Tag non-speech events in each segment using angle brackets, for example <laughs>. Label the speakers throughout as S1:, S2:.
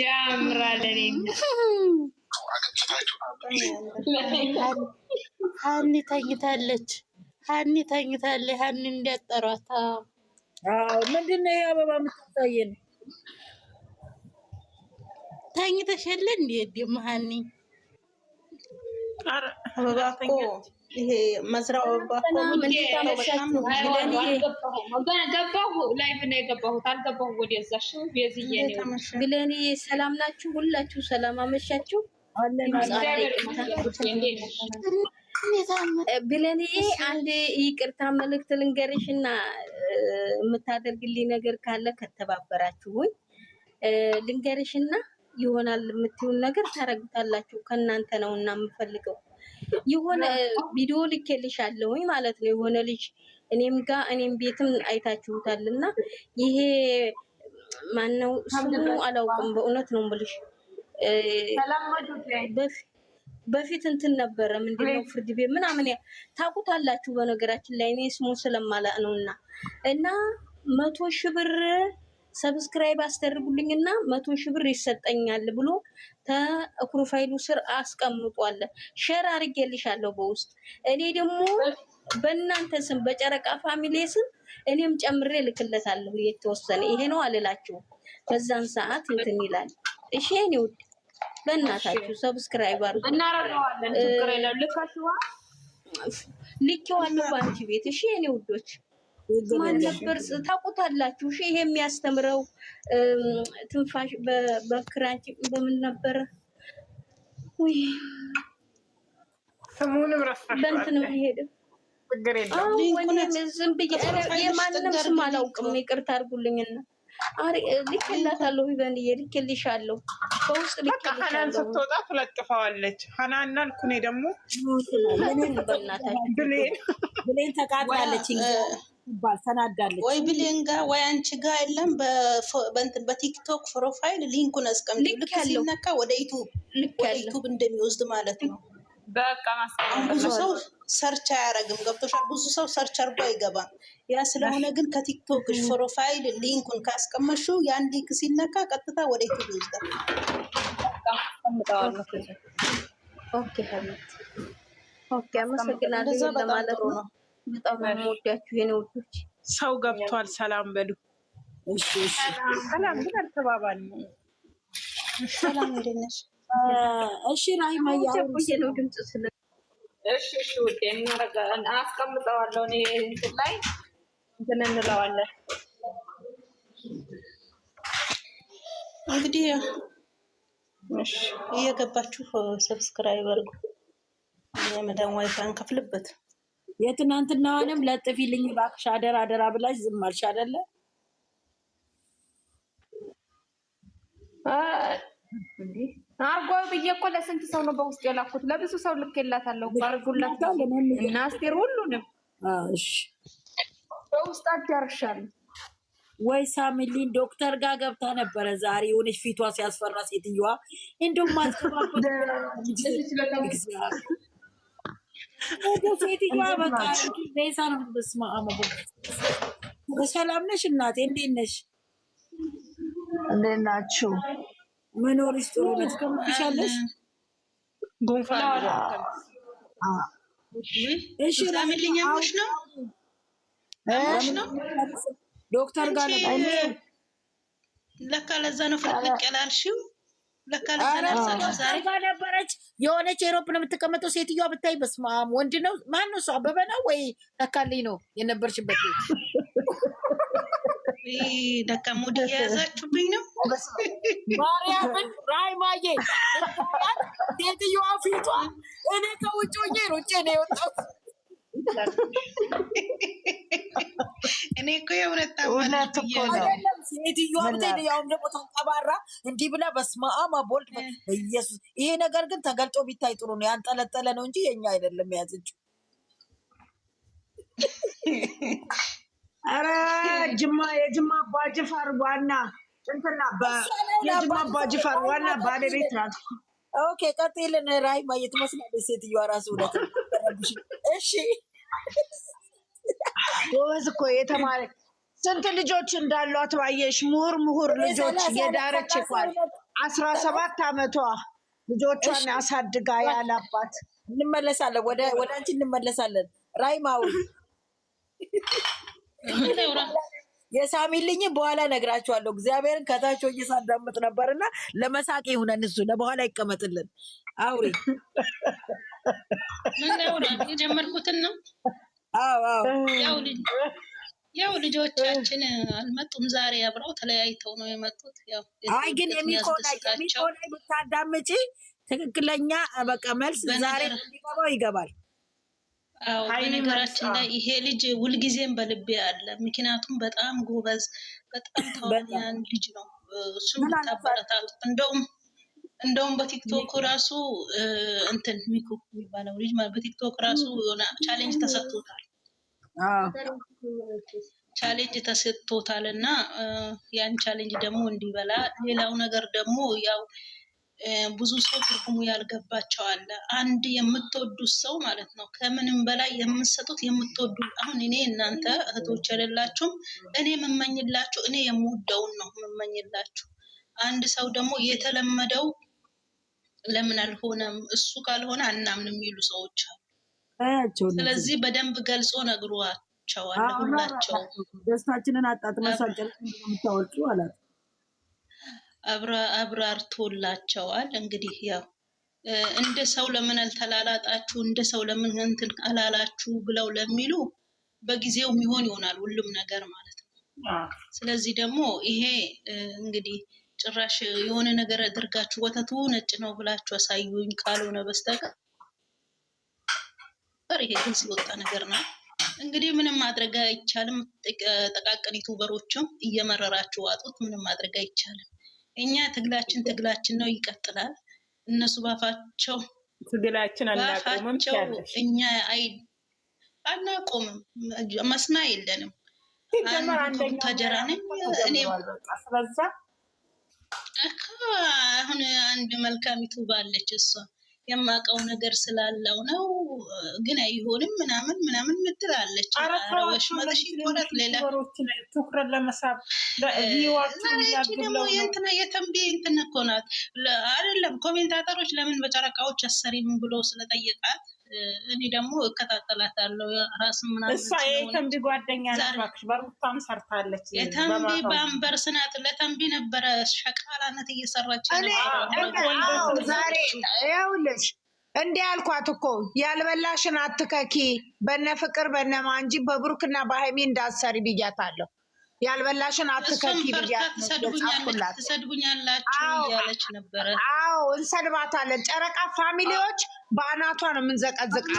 S1: ያምራል።
S2: ሀኒ ተኝታለች። ሀኒ ተኝታለች። ሀኒ እንዲያጠሯት ምንድን ነው አበባ የምታሳየን? ተኝተሻል እንዴ? ሀኒ አበባ ይሄ መዝራው የገባሁት።
S1: አልገባሁም ወደዛሽ
S2: ግለንዬ። ሰላም ናችሁ ሁላችሁ? ሰላም አመሻችሁ። ብለንዬ አንድ ይቅርታ መልእክት ልንገርሽና የምታደርግልኝ ነገር ካለ ከተባበራችሁኝ ልንገርሽና ይሆናል የምትይውን ነገር ታረግታላችሁ። ከእናንተ ነው እና የምፈልገው የሆነ ቪዲዮ ልኬልሻለሁኝ ማለት ነው። የሆነ ልጅ እኔም ጋር እኔም ቤትም አይታችሁታል። እና ይሄ ማነው ስሙ አላውቅም፣ በእውነት ነው የምልሽ። በፊት እንትን ነበረ ምንድነው ፍርድ ቤት ምናምን ታውቁታላችሁ። በነገራችን ላይ እኔ ስሙ ስለማላ ነው እና እና መቶ ሺህ ብር ሰብስክራይብ አስደርጉልኝና መቶ ሺህ ብር ይሰጠኛል ብሎ ከፕሮፋይሉ ስር አስቀምጧል። ሼር አድርጌልሻለሁ በውስጥ እኔ ደግሞ በእናንተ ስም በጨረቃ ፋሚሊ ስም እኔም ጨምሬ ልክለታለሁ። የተወሰነ ይሄ ነው አልላችሁ በዛን ሰዓት እንትን ይላል። እሺ እኔ ውድ በእናታችሁ ሰብስክራይብ አድርጉ።
S1: እናረጋዋለን
S2: ልኬዋለሁ በአንቺ ቤት። እሺ እኔ ውዶች ማን ነበር ታውቁታላችሁ? እሺ ይሄ የሚያስተምረው ትንፋሽ በክራንች በምን ነበረ
S1: ስሙንም ረሳ።
S2: በእንትን ነው የሚሄደው ዝም ብዬ የማንም ስም አላውቅም። ይቅርታ አድርጉልኝና ልኬላታለሁ። ይበንዬ ልኬልሻለሁ፣ በውስጥ
S1: ልኬልሻለሁ። ሀናን ስትወጣ ትለጥፈዋለች። ሀናናን ኩኔ ደግሞ
S2: ብሌን ተቃጥላለች። ይባል ተናዳለች። ወይ ብሌን ጋ ወይ አንቺ ጋ የለም። በቲክቶክ ፕሮፋይል ሊንኩን አስቀምጥ። ልክ ሲነካ ወደ ዩቱብ እንደሚወስድ ማለት ነው። ብዙ ሰው ሰርች አያረግም። ገብቶሻል? ብዙ ሰው ሰርች አርጎ አይገባም። ያ ስለሆነ ግን ከቲክቶክ ፕሮፋይል ሊንኩን ካስቀመሹ ያን ሊንክ ሲነካ ቀጥታ ወደ ዩቱብ ይወስዳል። ኦኬ፣ አመሰግናለሁ ለማለት ነው። በጣም ወዳችሁ የኔ ውዶች።
S1: ሰው ገብቷል። ሰላም በሉ። ሰላም ግን አልተባባል
S2: ሰላም እንደነሽ? እሺ ራይ ራሂማ ነው
S1: ድምጽ ስለ እሺ እሺ ውዴ እናረጋለን። አስቀምጠዋለሁ እኔ እንትን ላይ እንትን እንለዋለን።
S2: እንግዲህ እየገባችሁ ሰብስክራይብ አድርጉ። የመዳን ዋይፋይ እንከፍልበት የትናንትናዋንም ለጥፊልኝ እባክሽ አደራ አደራ ብላሽ ዝም አልሽ አይደለ?
S1: አርጎ ብዬ እኮ ለስንት ሰው ነው በውስጥ የላኩት? ለብዙ ሰው ልክ አርጉላት እና አስቴር ሁሉንም በውስጥ አዳርሻለሁ።
S2: ወይ ሳምሊን ዶክተር ጋር ገብታ ነበረ ዛሬ የሆነች ፊቷ ሲያስፈራ ሴትዮዋ እንደውም ማስከባ ሴትዮዋ በቃ ቤዛ ነው። በስመ አብ ሰላም ነሽ እናቴ? እንዴት ነሽ? እንዴት ናችሁ? መኖርሽ ጥሩ ነው። ትከምሻለሽ። ነው ዶክተር ጋር ለካ ለዛ ነው ፍልቅ ያላልሽው አርባ
S1: ነበረች የሆነች ኤሮፕ ነው የምትቀመጠው። ሴትዮዋ ብታይ በስመ አብ ወንድ ነው ማን ነው እሱ? አበበ ነው ወይ ተካልኝ ነው የነበርሽበት
S2: ደካ ሙድ ነው
S1: ማርያምን። ራይማዬ ሴትዮዋ ፊቷ እኔ ከውጭ ሆኜ ነው የወጣሁት።
S2: እኔ እኮ የእውነት
S1: ታማ
S2: ሴትዮዋ ብትሄድ ያውም ደግሞ ተንቀባራ እንዲህ ብላ በስመ አብ አብ ወልድ በኢየሱስ። ይሄ ነገር ግን ተገልጦ ቢታይ ጥሩ ነው። ያንጠለጠለ ነው እንጂ የኛ አይደለም የያዘችው።
S1: ኧረ ጅማ የጅማ ባጅፋር ዋና እንትና የጅማ አባጅፋር ዋና ባለቤት ናት።
S2: ኦኬ ቀጥልን። ራይ ማየት መስላለ ሴትዮዋ ራሱ ሁለት <laughs> እሺ
S1: ወዝ እኮ የተማረች ስንት ልጆች እንዳሏት ባየሽ? ምሁር ምሁር ልጆች የዳረች ይኳል አስራ ሰባት አመቷ ልጆቿን አሳድጋ ያላባት።
S2: እንመለሳለን፣ ወደ አንቺ እንመለሳለን። ራይማዊ የሳሚልኝ በኋላ ነግራችኋለሁ። እግዚአብሔርን ከታች ሆኜ ሳዳምጥ ነበርና ለመሳቅ ይሁነን። እሱ ለበኋላ ይቀመጥልን። አውሪ የጀመርኩትን ነው። አዎ አዎ ያው ልጆቻችን አልመጡም ዛሬ አብረው ተለያይተው ነው የመጡት።
S1: አይ ግን የሚቆላቸው ብታዳምጪ ትክክለኛ በቃ መልስ ዛሬ እንዲገባው ይገባል።
S2: አዎ በነገራችን ላይ ይሄ ልጅ ሁልጊዜም በልቤ አለ። ምክንያቱም በጣም ጎበዝ፣ በጣም ተዋንያን ልጅ ነው። እሱም ታበረታቱ እንደውም እንደውም በቲክቶክ ራሱ እንትን ሚኩ የሚባለው ልጅ በቲክቶክ ራሱ ቻሌንጅ ተሰጥቶታል ቻሌንጅ ተሰጥቶታል እና ያን ቻሌንጅ ደግሞ እንዲበላ። ሌላው ነገር ደግሞ ያው ብዙ ሰው ትርጉሙ ያልገባቸው አለ። አንድ የምትወዱት ሰው ማለት ነው ከምንም በላይ የምትሰጡት የምትወዱ። አሁን እኔ እናንተ እህቶች የሌላችሁም እኔ የምመኝላችሁ እኔ የምወደውን ነው የምመኝላችሁ። አንድ ሰው ደግሞ የተለመደው ለምን አልሆነም እሱ ካልሆነ አናምንም የሚሉ ሰዎች አሉ። ስለዚህ በደንብ ገልጾ ነግሯቸዋል።
S1: ሁላቸው ደስታችንን አጣጥመሳጨል የምታወጩ አላት
S2: አብራርቶላቸዋል። እንግዲህ ያው እንደ ሰው ለምን አልተላላጣችሁ፣ እንደ ሰው ለምን እንትን አላላችሁ ብለው ለሚሉ በጊዜው ሚሆን ይሆናል ሁሉም ነገር ማለት ነው። ስለዚህ ደግሞ ይሄ እንግዲህ ጭራሽ የሆነ ነገር አድርጋችሁ ወተቱ ነጭ ነው ብላችሁ አሳዩኝ ካልሆነ በስተቀር ነበር። ይሄ ግን ስለወጣ ነገር ነው። እንግዲህ ምንም ማድረግ አይቻልም። ጠቃቅን ዩቱበሮችም እየመረራችሁ ዋጡት። ምንም ማድረግ አይቻልም። እኛ ትግላችን ትግላችን ነው፣ ይቀጥላል። እነሱ ባፋቸው ትግላችን አናቆምም፣ እኛ አናቆምም፣ መስና የለንም። ታጀራ ነኝ እኔ አሁን አንድ መልካም ዩቱብ አለች እሷ የማውቀው ነገር ስላለው ነው ግን አይሆንም ምናምን ምናምን ምትላለች።
S1: ኧረ መሽ ይኮረት ሌላ ትኩረት ለመሳብ
S2: ደግሞ የእንትና የተንቢ እንትን እኮ ናት አይደለም። ኮሜንታተሮች ለምን በጨረቃዎች አሰሪም ብሎ ስለጠየቃት እኔ ደግሞ እከታተላታለሁ። ራስ ምናምን
S1: እሷ የተንቢ ጓደኛ ናት፣ በሩታም ሰርታለች።
S2: የተንቢ ለተንቢ ነበረ ሸቃላነት እየሰራች
S1: ዛሬ እንዲህ አልኳት እኮ ያልበላሽን አትከኪ፣ በነ ፍቅር በነ ማንጂ በብሩክና በሀይሚ እንዳሰሪ ብያታለሁ። ያልበላሽን አትከኪ ብያት ነበረ። አዎ እንሰድባታለን። ጨረቃ ፋሚሊዎች በአናቷ ነው የምንዘቀዝቃት።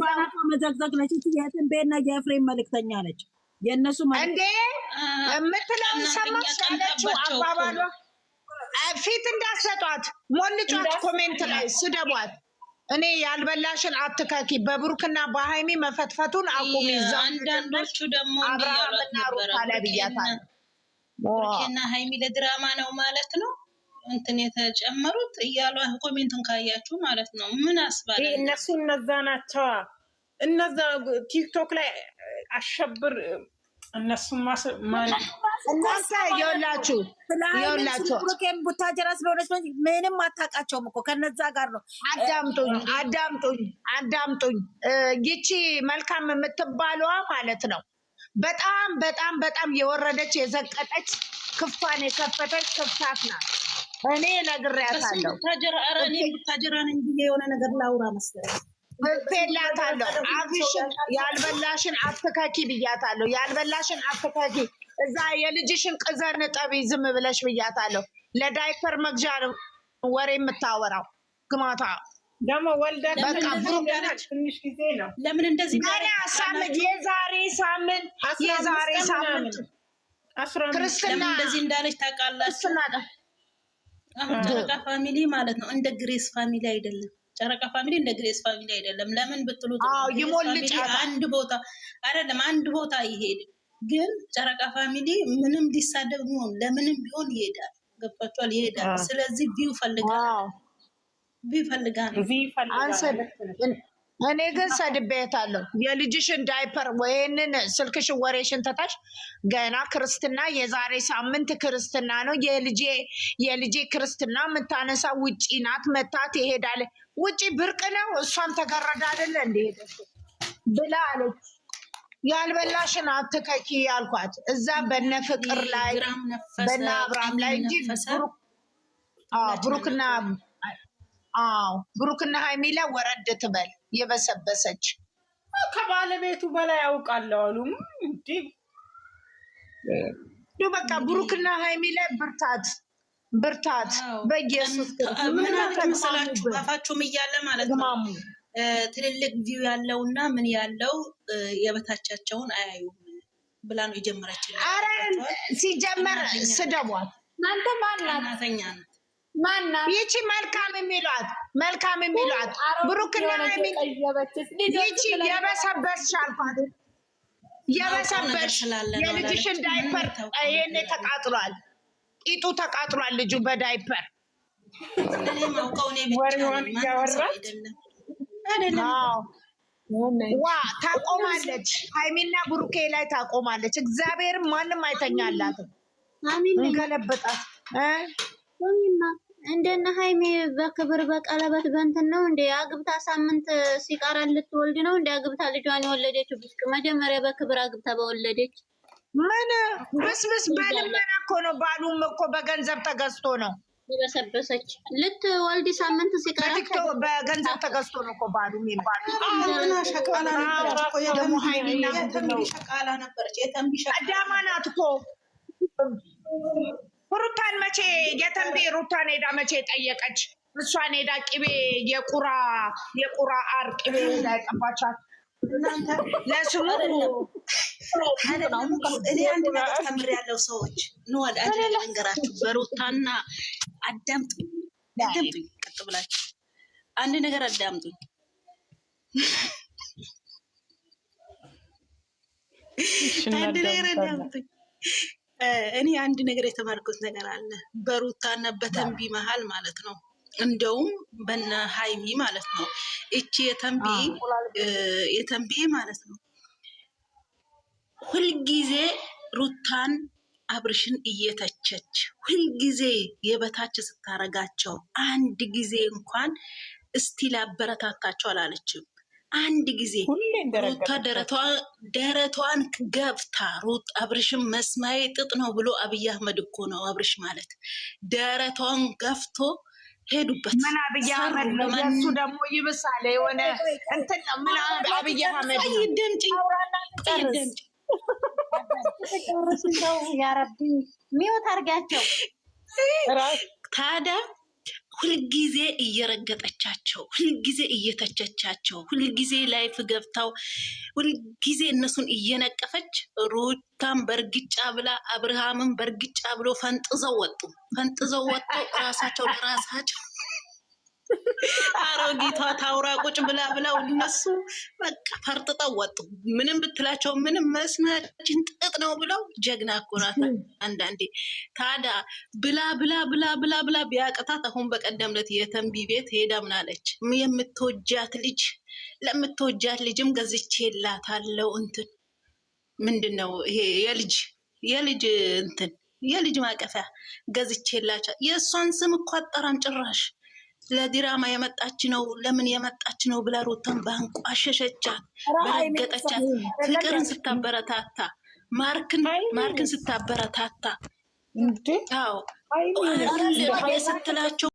S1: በአናቷ መዘቅዘቅ ነች። የትንቤና የፍሬም መልእክተኛ ነች። የእነሱ እንዴ የምትለው ሰማች ያለችው አባባሏ ፊት እንዳሰጧት ሞልጯት፣ ኮሜንት ላይ ስደቧት። እኔ ያልበላሽን አትከኪ። በብሩክና በሃይሚ መፈትፈቱን አቁሚ። አንዳንዶቹ ደግሞ አብርሃምና ሩታ ላይ ብያታል። ብሩክና ሃይሚ ለድራማ ነው ማለት ነው እንትን የተጨመሩት እያሉ ኮሜንትን ካያችሁ ማለት ነው። ምን አስባለ እነሱ እነዛ ናቸዋ። እነዛ ቲክቶክ ላይ አሸብር እነሱ እናንተ የወላችሁ የወላችሁ ቡታጀራ ስለሆነች ምንም አታውቃቸውም እኮ ከነዛ ጋር ነው። አዳምጡኝ አዳምጡኝ አዳምጡኝ። ይቺ መልካም የምትባለዋ ማለት ነው በጣም በጣም በጣም የወረደች የዘቀጠች ክፋን የከፈተች ክፍታት ናት። እኔ ነግሬያታለሁ። ቡታጀራ ነኝ ብዬ የሆነ ነገር ላውራ መሰለኝ ብፌላታለሁ አፍሽን ያልበላሽን አፍካኪ ብያታለሁ። ያልበላሽን አፍካኪ እዛ የልጅሽን ቅዘን ጠቢ ዝም ብለሽ ብያታለሁ። ለዳይፐር መግዣ ነው ወሬ የምታወራው ግማታ ደግሞ ወልዳት ለምን እንደዚህ ሳምንት የዛሬ ሳምንት የዛሬ ሳምንት ክርስትና እንደዚህ እንዳለች ታውቃላችሁ። ፋሚሊ ማለት ነው እንደ ግሬስ ፋሚሊ አይደለም። ጨረቃ ፋሚሊ እንደ ግሬስ ፋሚሊ አይደለም። ለምን ብትሉ አንድ ቦታ አይደለም፣ አንድ ቦታ ይሄድ ግን ጨረቃ ፋሚሊ ምንም ሊሳደብ ሆን ለምንም ቢሆን ይሄዳል። ገብቷቸዋል? ይሄዳል። ስለዚህ ቪው ፈልጋ ቪው ፈልጋ ነው እኔ ግን ሰድቤታለሁ። የልጅሽን ዳይፐር ወይንን ስልክሽን ወሬሽን ተታሽ ገና ክርስትና የዛሬ ሳምንት ክርስትና ነው የልጄ የልጄ ክርስትና የምታነሳ ውጪ ናት። መታት ይሄዳል። ውጪ ብርቅ ነው። እሷም ተገረዳ አደለ እንደሄደ ብላ አለች። ያልበላሽን አትከኪ ያልኳት እዛ በነ ፍቅር ላይ በነ አብርሃም ላይ እንጂ ብሩክና ብሩክና ሀይሚ ላይ ወረድ ትበል የበሰበሰች ከባለቤቱ በላይ ያውቃለሁ አሉ። በቃ ብሩክና ሀይሚ ላይ ብርታት ብርታት በኢየሱስ ምን አትመስላችሁ ባፋችሁም እያለ ማለት ነው። ትልልቅ ቪው ያለው እና ምን ያለው የበታቻቸውን አያዩም ብላ ነው የጀመረችው። ኧረ ሲጀመር ስደቧት እናንተ ማናተኛ ነው ይቺ መልካም የሚሏት መልካም የሚሏት ብሩክና ይቺ የበሰበስሽ አልኳት። የበሰበስሽ የልጅሽን ዳይፐር ይሄኔ ተቃጥሏል፣ ቂጡ ተቃጥሏል ልጁ በዳይፐር እያወራች ዋ ታቆማለች። ሀይሚና ብሩኬ ላይ ታቆማለች። እግዚአብሔርም ማንም አይተኛላትም። ገለበጣት እንደነ ሀይሜ በክብር በቀለበት በእንትን ነው እንደ አግብታ ሳምንት ሲቀራት ልትወልድ ነው እንደ አግብታ ልጇን የወለደች ብስቅ መጀመሪያ በክብር አግብታ በወለደች ምን ብስብስ በልመና እኮ ነው። ባሉም እኮ በገንዘብ ተገዝቶ ነው የበሰበሰች ልትወልድ ሳምንት ሲቀራት በገንዘብ ተገዝቶ ነው እኮ ባሉ የሚባሉ ሸቃላ ነበረች። የተንቢ ሸቃላ አዳማ ናት እኮ ሩታን መቼ የተንቤ ሩታን ሄዳ መቼ ጠየቀች? እሷን ሄዳ ቅቤ የቁራ የቁራ አር ቅቤ ሄዳ የቀባቻት ለስሙ እኔ አንድ ነገር ተምር ያለው ሰዎች ንወድ አንድ ነገራችሁ በሩታና አዳምጡኝ፣ አዳምጡኝ፣ ቀጥ ብላችሁ አንድ ነገር አዳምጡ። አንድ ነገር አዳምጡኝ እኔ አንድ ነገር የተማርኩት ነገር አለ በሩታና በተንቢ መሀል ማለት ነው። እንደውም በነ ሀይሚ ማለት ነው። እቺ የተንቢ የተንቢ ማለት ነው ሁልጊዜ ሩታን አብርሽን እየተቸች ሁልጊዜ የበታች ስታረጋቸው አንድ ጊዜ እንኳን እስቲ ላበረታታቸው አላለችም። አንድ ጊዜ ሩታ ደረቷን ገብታ ሩት አብርሽም መስማዬ ጥጥ ነው ብሎ አብይ አህመድ እኮ ነው አብርሽ ማለት ደረቷን ገፍቶ ሄዱበት። ምን አብይ አህመድ ነው ደግሞ ይብሳል የሆነ እንትን ነው። ምን አብይ አህመድ ያረቢ አርጋቸው ታዲያ ሁልጊዜ እየረገጠቻቸው፣ ሁልጊዜ እየተቸቻቸው፣ ሁልጊዜ ላይፍ ገብተው፣ ሁልጊዜ እነሱን እየነቀፈች ሩታም በእርግጫ ብላ አብርሃምን በእርግጫ ብሎ ፈንጥዘው ወጡ። ፈንጥዘው ወጥተው ራሳቸው ለራሳቸው አሮጊቷ ታውራ ቁጭ ብላ ብላው እነሱ በቃ ፈርጥጠው ወጡ። ምንም ብትላቸው ምንም መስመራችን ጥጥ ነው ብለው ጀግና እኮ አንዳንዴ ታዲያ ብላ ብላ ብላ ብላ ብላ ቢያቅታት አሁን በቀደም ዕለት የተንቢ ቤት ሄዳ ምናለች የምትወጃት ልጅ ለምትወጃት ልጅም ገዝቼ የላታለው እንትን ምንድን ነው ይሄ የልጅ የልጅ እንትን የልጅ ማቀፊያ ገዝቼ የላቻ የእሷን ስም እኮ አጠራም ጭራሽ ለዲራማ የመጣች ነው ለምን የመጣች ነው ብላ ሩታን ባንቋሸሸቻት፣ በረገጠቻት። ፍቅርን ስታበረታታ ማርክን ማርክን ስታበረታታ ስትላቸው